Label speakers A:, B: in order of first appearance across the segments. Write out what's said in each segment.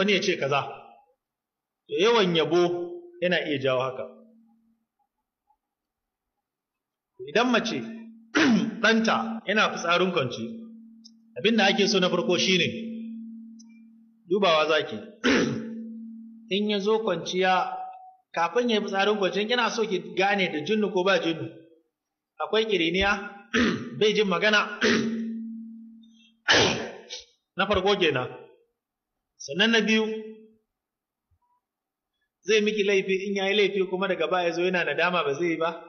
A: wani ya ce kaza yawan yabo yana iya jawo haka idan mace ɗanta yana fitsarin kwanci abin da ake so na farko shine dubawa zaki in ya zo kwanciya kafin ya yi fitsarin kwanci yana so ki gane da jinnu ko ba jinnu akwai kiriniya bai jin magana na farko kenan sannan na biyu zai miki laifi in yayi laifi kuma daga baya zo yana nadama ba zai yi ba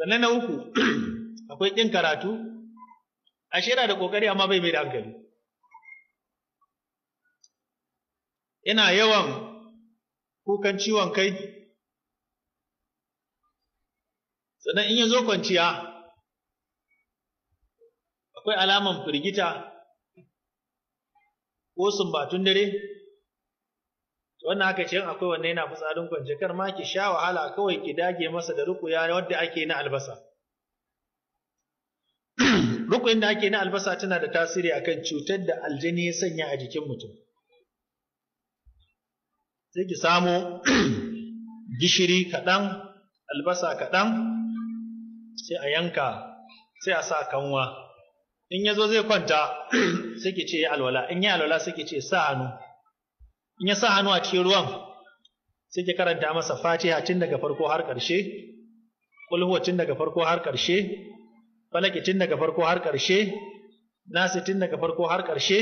A: sannan na uku akwai ƙin karatu ashe yana da ƙoƙari amma bai mai da hankali yana yawan kukan ciwon kai sannan in ya zo kwanciya akwai alaman firgita ko sumbatun dare wannan haka ce akwai wanne yana fitsarin kwance kar ma ki sha wahala kawai ki dage masa da rukuya wanda ake na albasa rukuyin da ake na albasa tana da tasiri akan cutar da aljini ya sanya a jikin mutum sai ki samo gishiri kaɗan albasa kaɗan sai a yanka sai a sa kanwa in ya zo zai kwanta sai ke ce alwala in yi alwala sai ke ce sa hannu in ya sa hannu a cikin ruwan sai ke karanta masa fatiha tun daga farko har ƙarshe kulhuwa tun daga farko har ƙarshe falaki tun daga farko har ƙarshe nasi tun daga farko har ƙarshe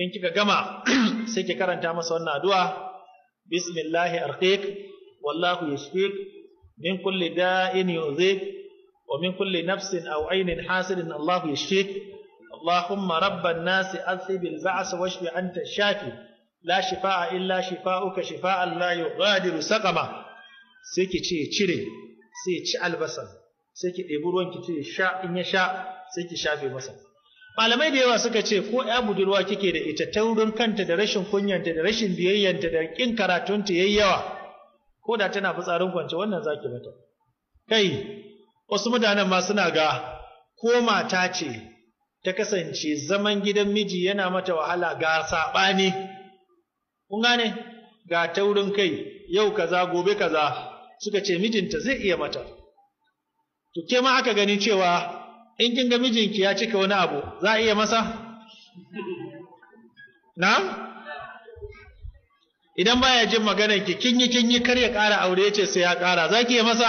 A: in kika gama sai ke karanta masa wannan addu'a bismillahi arqiq wallahu yashfiq min kulli da'in yuzik ومن كل نفس أو عين حاسد الله يشفيك اللهم رب الناس أذهب بالبعث واشف أنت الشافي لا شفاء إلا شفاؤك شفاء لا يغادر سقما سيكي تشي تشري سي تشي البصر سيكي ɗebi ki ce sha in ya sha sai malamai da yawa suka ce ko ya budurwa kike da ita taurin kanta da rashin kunyanta da rashin biyayyanta da kin karatunta yayi yawa ko da tana fitsarin kwance wannan zaki mata kai wasu mutanen ma suna ga ko mata ce ta kasance zaman gidan miji yana mata wahala ga saɓani kun gane ga taurin kai yau kaza gobe kaza suka ce mijinta zai iya mata to ke ma aka gani cewa in kin ga mijinki ya cika wani abu za a iya masa na idan baya jin maganar ki kin yi kin yi kar ya ƙara aure ya ce sai ya ƙara za ki iya masa